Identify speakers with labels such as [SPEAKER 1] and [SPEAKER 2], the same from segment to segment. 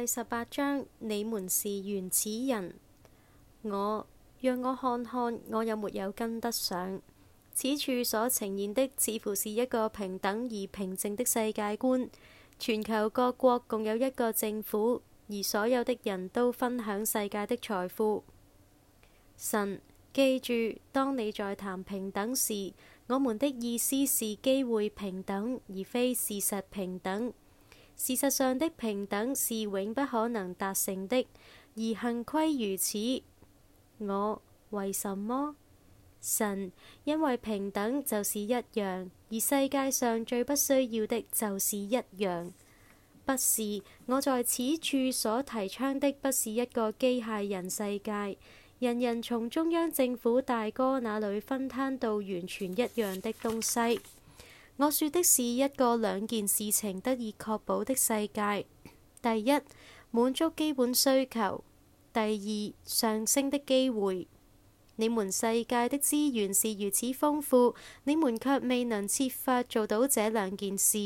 [SPEAKER 1] 第十八章。你們是原始人。我，讓我看看，我有沒有跟得上？此處所呈現的，似乎是一個平等而平靜的世界觀。全球各國共有一個政府，而所有的人都分享世界的財富。神，記住，當你在談平等時，我們的意思是機會平等，而非事實平等。事實上的平等是永不可能達成的，而幸虧如此。我為什麼？神，因為平等就是一樣，而世界上最不需要的就是一樣。不是，我在此處所提倡的不是一個機械人世界，人人從中央政府大哥那裏分攤到完全一樣的東西。我說的是一個兩件事情得以確保的世界：第一，滿足基本需求；第二，上升的機會。你們世界的資源是如此豐富，你們卻未能設法做到這兩件事，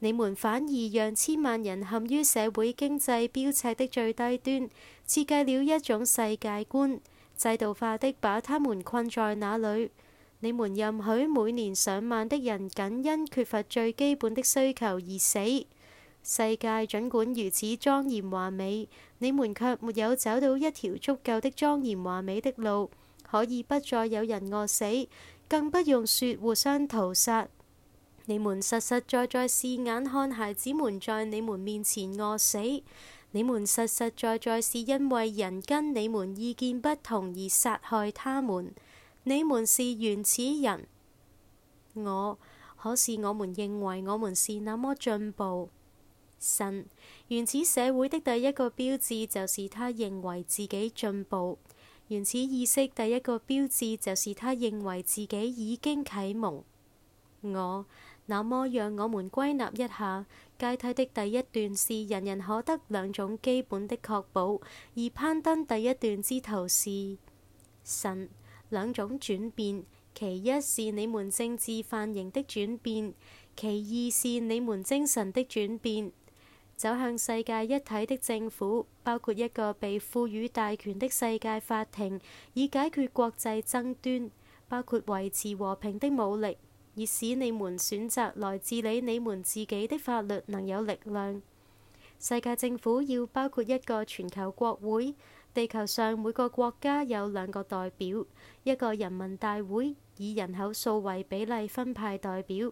[SPEAKER 1] 你們反而讓千萬人陷於社會經濟標尺的最低端，設計了一種世界觀，制度化的把他們困在那裡。你們任許每年上萬的人僅因缺乏最基本的需求而死。世界儘管如此莊嚴華美，你們卻沒有找到一條足夠的莊嚴華美的路，可以不再有人餓死，更不用說互相屠殺。你們實實在在是眼看孩子們在你們面前餓死，你們實實在在是因為人跟你們意見不同而殺害他們。你們是原始人，我可是我們認為我們是那麼進步。神，原始社會的第一個標誌就是他認為自己進步，原始意識第一個標誌就是他認為自己已經啟蒙。我，那麼讓我們歸納一下階梯的第一段是人人可得兩種基本的確保，而攀登第一段之途是神。兩種轉變，其一是你們政治範型的轉變，其二是你們精神的轉變，走向世界一體的政府，包括一個被賦予大權的世界法庭，以解決國際爭端，包括維持和平的武力，而使你們選擇來治理你們自己的法律能有力量。世界政府要包括一個全球國會。地球上每個國家有兩個代表，一個人民大會以人口數為比例分派代表。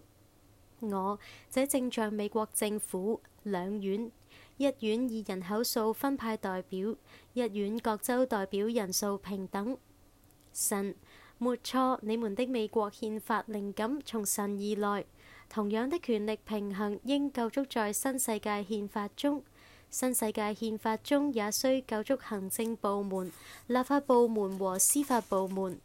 [SPEAKER 1] 我這正像美國政府兩院，一院以人口數分派代表，一院各州代表人數平等。神，沒錯，你們的美國憲法靈感從神而來，同樣的權力平衡應構築在新世界憲法中。新世界憲法中也需構築行政部門、立法部門和司法部門。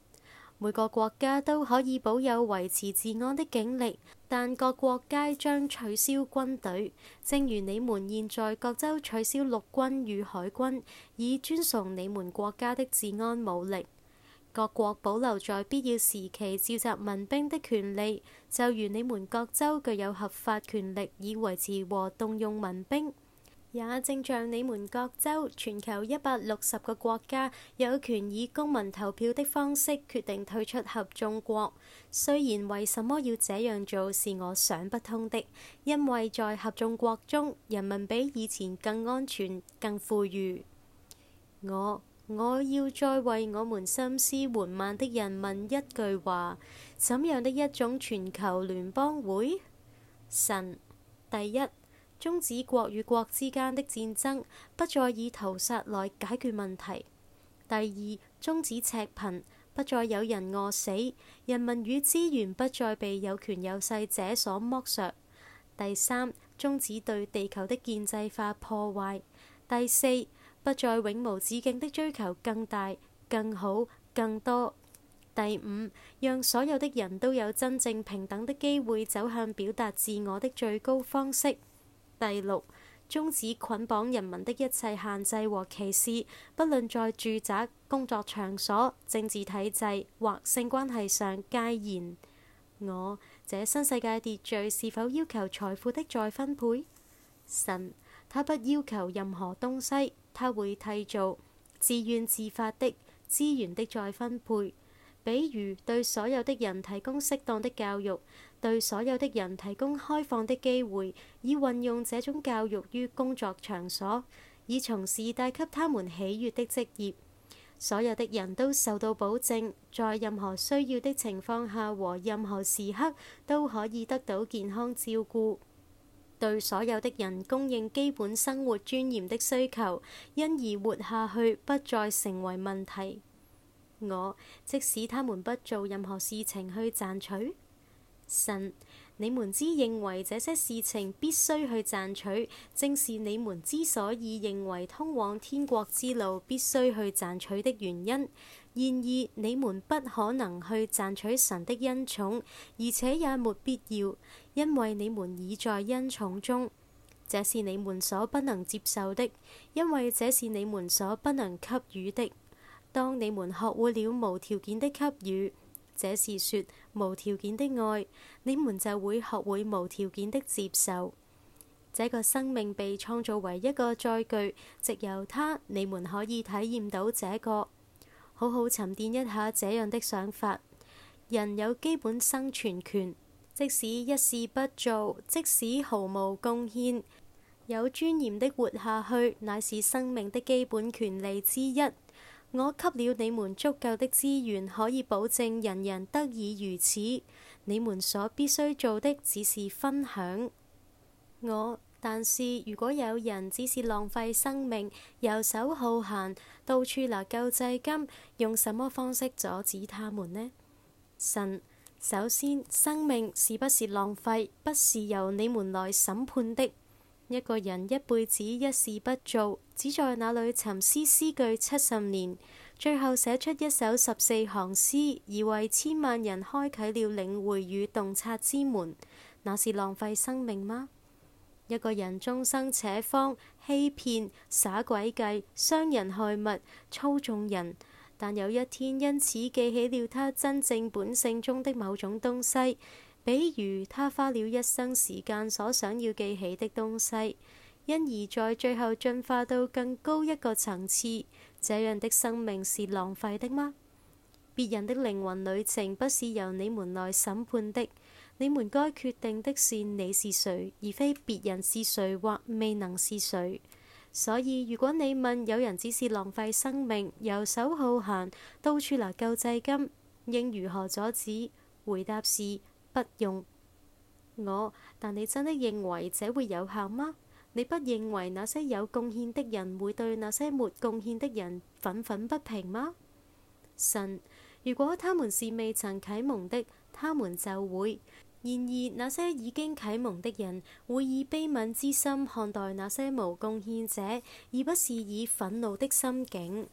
[SPEAKER 1] 每個國家都可以保有維持治安的警力，但各國皆將取消軍隊。正如你們現在各州取消陸軍與海軍，以尊崇你們國家的治安武力。各國保留在必要時期召集民兵的權利，就如你們各州具有合法權力以維持和動用民兵。也正像你們各州，全球一百六十個國家有權以公民投票的方式決定退出合眾國。雖然為什麼要這樣做是我想不通的，因為在合眾國中，人民比以前更安全、更富裕。我，我要再為我們心思緩慢的人問一句話，怎樣的一種全球聯邦會？神，第一。終止國與國之間的戰爭，不再以屠殺來解決問題。第二，終止赤貧，不再有人餓死，人民與資源不再被有權有勢者所剝削。第三，終止對地球的建制化破壞。第四，不再永無止境的追求更大、更好、更多。第五，讓所有的人都有真正平等的機會，走向表達自我的最高方式。第六，終止捆綁人民的一切限制和歧視，不論在住宅、工作場所、政治體制或性關係上皆然。我這新世界秩序是否要求財富的再分配？神，他不要求任何東西，他會締造自願自發的資源的再分配，比如對所有的人提供適當的教育。對所有的人提供開放的機會，以運用這種教育於工作場所，以從事帶給他們喜悅的職業。所有的人都受到保證，在任何需要的情況下和任何時刻都可以得到健康照顧。對所有的人供應基本生活尊嚴的需求，因而活下去不再成為問題。我即使他們不做任何事情去賺取。神，你們之認為這些事情必須去賺取，正是你們之所以認為通往天國之路必須去賺取的原因。然而，你們不可能去賺取神的恩寵，而且也沒必要，因為你們已在恩寵中。這是你們所不能接受的，因為這是你們所不能給予的。當你們學會了無條件的給予。這是說，無條件的愛，你們就會學會無條件的接受。這個生命被創造為一個載具，藉由他，你們可以體驗到這個。好好沉澱一下這樣的想法。人有基本生存權，即使一事不做，即使毫無貢獻，有尊嚴的活下去，乃是生命的基本權利之一。我給了你們足夠的資源，可以保證人人得以如此。你們所必須做的只是分享我。但是如果有人只是浪費生命、遊手好閒、到處拿救濟金，用什麼方式阻止他們呢？神，首先，生命是不是浪費，不是由你們來審判的。一個人一輩子一事不做，只在那裏沉思詩句七十年，最後寫出一首十四行詩，而為千萬人開啓了領會與洞察之門。那是浪費生命嗎？一個人終生扯謊，欺騙、耍詭計、傷人害物、操縱人，但有一天因此記起了他真正本性中的某種東西。比如他花了一生時間所想要記起的東西，因而在最後進化到更高一個層次，這樣的生命是浪費的嗎？別人的靈魂旅程不是由你們來審判的，你們該決定的是你是誰，而非別人是誰或未能是誰。所以，如果你問有人只是浪費生命、游手好閒、到處拿救濟金，應如何阻止？回答是。不用。我，但你真的認為這會有效嗎？你不認為那些有貢獻的人會對那些沒貢獻的人憤憤不平嗎？神，如果他們是未曾啟蒙的，他們就會。然而那些已經啟蒙的人會以悲憫之心看待那些無貢獻者，而不是以憤怒的心境。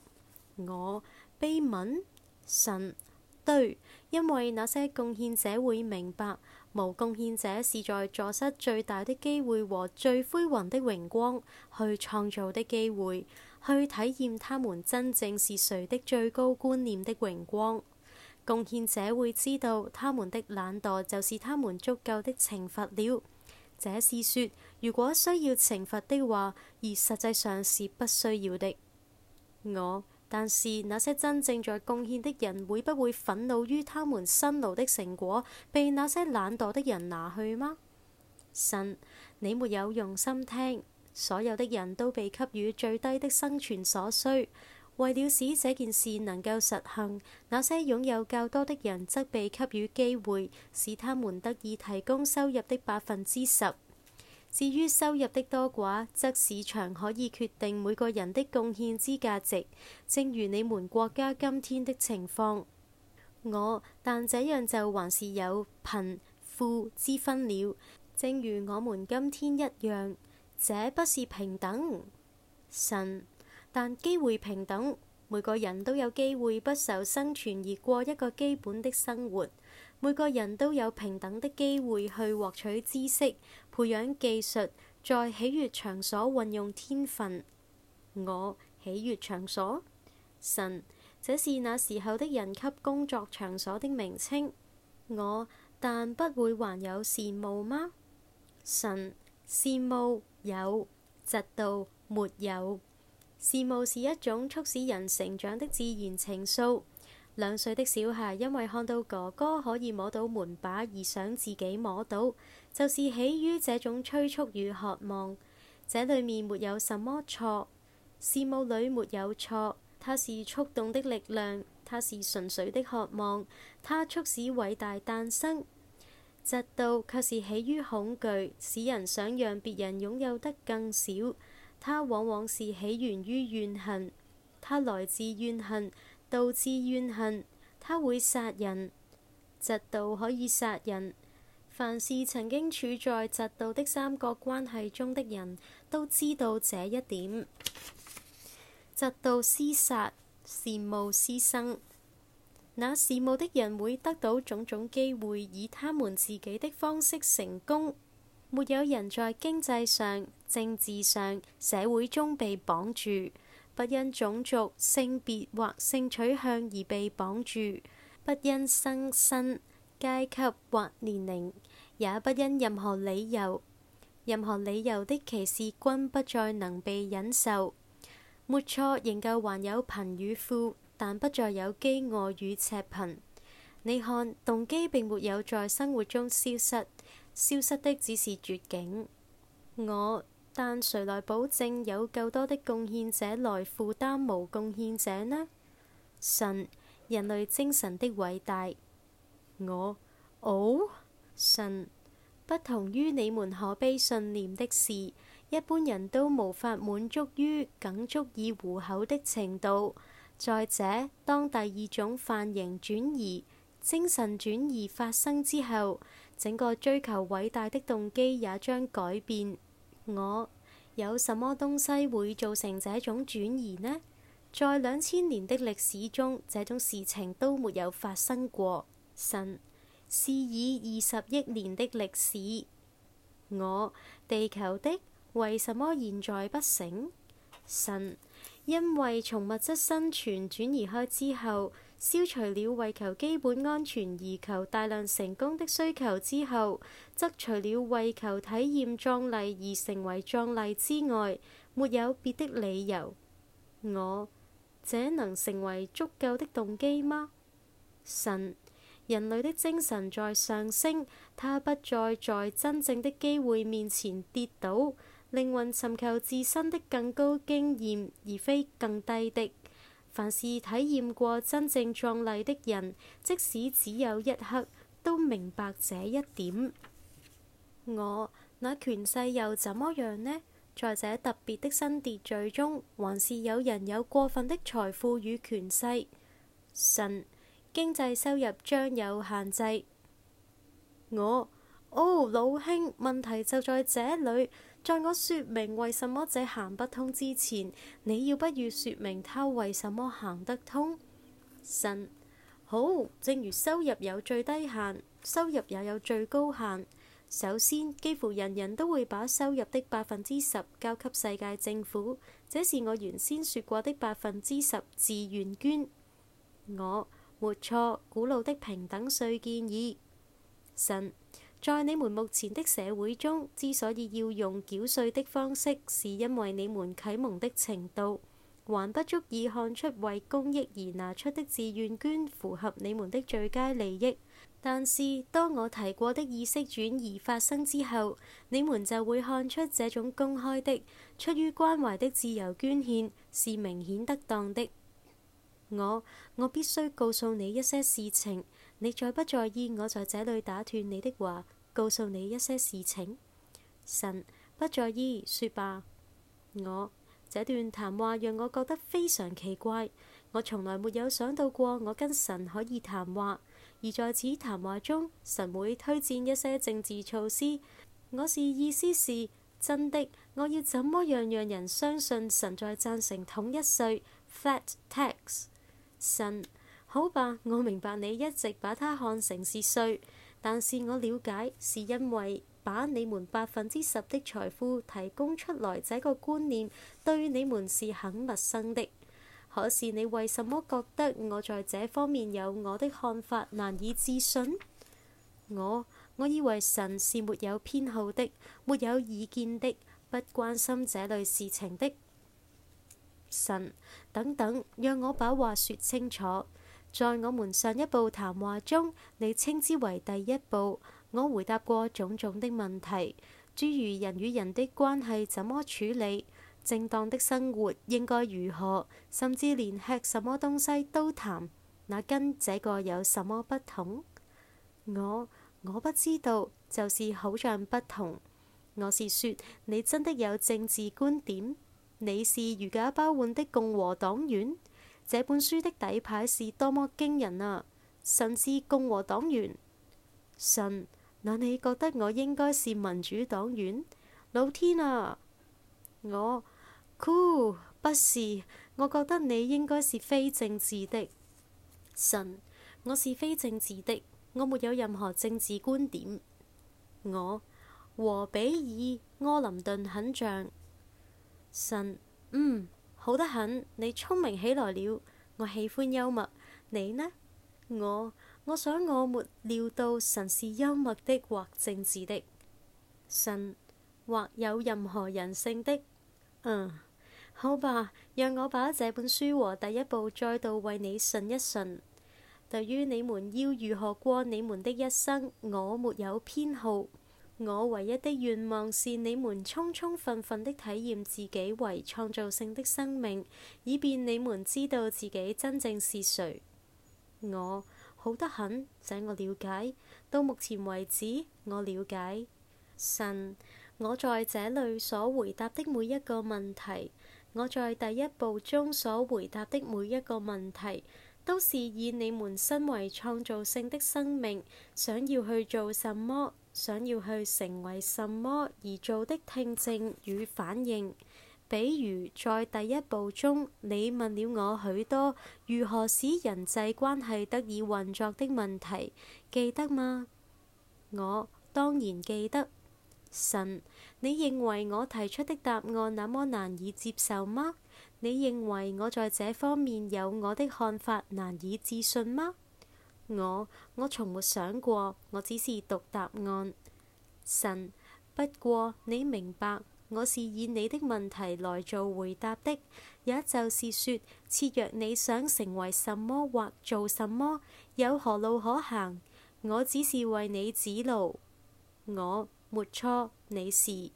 [SPEAKER 1] 我悲憫神，對。因為那些貢獻者會明白，無貢獻者是在阻塞最大的機會和最輝煌的榮光去創造的機會，去體驗他們真正是誰的最高觀念的榮光。貢獻者會知道，他們的懶惰就是他們足夠的懲罰了。這是說，如果需要懲罰的話，而實際上是不需要的。我。但是那些真正在貢獻的人，會不會憤怒於他們辛勞的成果被那些懶惰的人拿去嗎？神，你沒有用心聽。所有的人都被給予最低的生存所需，為了使這件事能夠實行，那些擁有較多的人則被給予機會，使他們得以提供收入的百分之十。至於收入的多寡，則市場可以決定每個人的貢獻之價值，正如你們國家今天的情況。我，但這樣就還是有貧富之分了，正如我們今天一樣。這不是平等，神，但機會平等，每個人都有機會不愁生存而過一個基本的生活。每個人都有平等的機會去獲取知識、培養技術，在喜悅場所運用天分。我喜悅場所？神，這是那時候的人給工作場所的名稱。我，但不會還有羨慕嗎？神，羨慕有，嫉妒沒有？羨慕是一種促使人成長的自然情愫。兩歲的小孩因為看到哥哥可以摸到門把而想自己摸到，就是起於這種催促與渴望。這裏面沒有什麼錯，羨慕裏沒有錯，它是觸動的力量，它是純粹的渴望，它促使偉大誕生。嫉妒卻是起於恐懼，使人想讓別人擁有得更少。它往往是起源於怨恨，它來自怨恨。導致怨恨，他會殺人。嫉妒可以殺人。凡是曾經處在嫉妒的三角關係中的人都知道這一點。嫉妒施殺，羨慕施生。那羨慕的人會得到種種機會，以他們自己的方式成功。沒有人在經濟上、政治上、社會中被綁住。不因種族、性別或性取向而被綁住，不因生身、階級或年齡，也不因任何理由、任何理由的歧視均不再能被忍受。沒錯，仍舊還有貧與富，但不再有饑餓與赤貧。你看，動機並沒有在生活中消失，消失的只是絕境。我。但誰來保證有夠多的貢獻者來負擔無貢獻者呢？神，人類精神的偉大，我，奧、哦，神，不同於你們可悲信念的是，一般人都無法滿足於僅足以糊口的程度。再者，當第二種範型轉移、精神轉移發生之後，整個追求偉大的動機也將改變。我有什麼東西會造成這種轉移呢？在兩千年的歷史中，這種事情都沒有發生過。神，是以二十億年的歷史，我，地球的為什麼現在不成？神，因為從物質生存轉移開之後。消除了為求基本安全而求大量成功的需求之後，則除了為求體驗壯麗而成為壯麗之外，沒有別的理由。我，這能成為足夠的動機嗎？神，人類的精神在上升，他不再在真正的機會面前跌倒，靈魂尋求自身的更高經驗，而非更低的。凡是體驗過真正壯麗的人，即使只有一刻，都明白這一點。我，那權勢又怎麼樣呢？在這特別的新秩序中，還是有人有過分的財富與權勢。神，經濟收入將有限制。我。哦，oh, 老兄，問題就在這裏。在我説明為什麼這行不通之前，你要不要説明他為什麼行得通？神，好，正如收入有最低限，收入也有最高限。首先，幾乎人人都會把收入的百分之十交給世界政府，這是我原先説過的百分之十自願捐。我沒錯，古老的平等稅建議。神。在你們目前的社會中，之所以要用繳稅的方式，是因為你們啟蒙的程度還不足以看出為公益而拿出的自願捐符合你們的最佳利益。但是，當我提過的意識轉移發生之後，你們就會看出這種公開的、出於關懷的自由捐獻是明顯得當的。我我必須告訴你一些事情。你在不在意我在這裏打斷你的話，告訴你一些事情？神不在意，說吧。我這段談話讓我覺得非常奇怪，我從來沒有想到過我跟神可以談話。而在此談話中，神會推薦一些政治措施。我是意思是，真的，我要怎麼樣讓人相信神在贊成統一稅 f a t tax）？神。好吧，我明白你一直把它看成是稅，但是我了解是因為把你們百分之十的財富提供出來這個觀念對你們是很陌生的。可是你為什麼覺得我在這方面有我的看法難以置信？我我以為神是沒有偏好的，沒有意見的，不關心這類事情的神等等。讓我把話說清楚。在我們上一部談話中，你稱之為第一部。我回答過種種的問題，諸如人與人的關係怎麼處理、正當的生活應該如何，甚至連吃什麼東西都談。那跟這個有什麼不同？我我不知道，就是好像不同。我是說，你真的有政治觀點？你是如假包換的共和黨員？這本書的底牌是多麼驚人啊！甚至共和黨員，神，那你覺得我應該是民主黨員？老天啊！我，cool，不是，我覺得你應該是非政治的。神，我是非政治的，我沒有任何政治觀點。我和比爾·柯林頓很像。神，嗯。好得很，你聰明起來了。我喜歡幽默，你呢？我我想我沒料到神是幽默的或政治的，神或有任何人性的。嗯，好吧，讓我把這本書和第一部再度為你順一順。對於你們要如何過你們的一生，我沒有偏好。我唯一的願望是你們充充分分的體驗自己為創造性的生命，以便你們知道自己真正是誰。我好得很，這我了解。到目前為止，我了解神。我在這裏所回答的每一個問題，我在第一部中所回答的每一個問題，都是以你們身為創造性的生命想要去做什麼。想要去成為什麼而做的聽證與反應，比如在第一步中，你問了我許多如何使人際關係得以運作的問題，記得嗎？我當然記得。神，你認為我提出的答案那麼難以接受嗎？你認為我在這方面有我的看法難以置信嗎？我我從沒想過，我只是讀答案。神，不過你明白，我是以你的問題來做回答的，也就是說，倘若你想成為什麼或做什麼，有何路可行？我只是為你指路。我沒錯，你是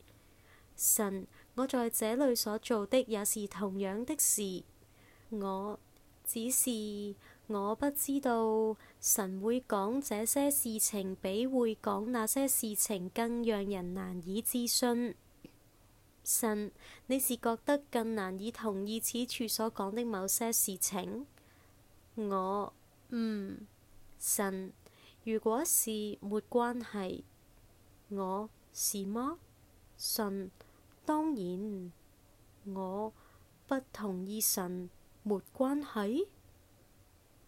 [SPEAKER 1] 神。我在這裏所做的也是同樣的事。我只是。我不知道神會講這些事情，比會講那些事情更讓人難以置信。神，你是覺得更難以同意此處所講的某些事情？我嗯，神，如果是沒關係，我是嗎？神，當然，我不同意神，神沒關係。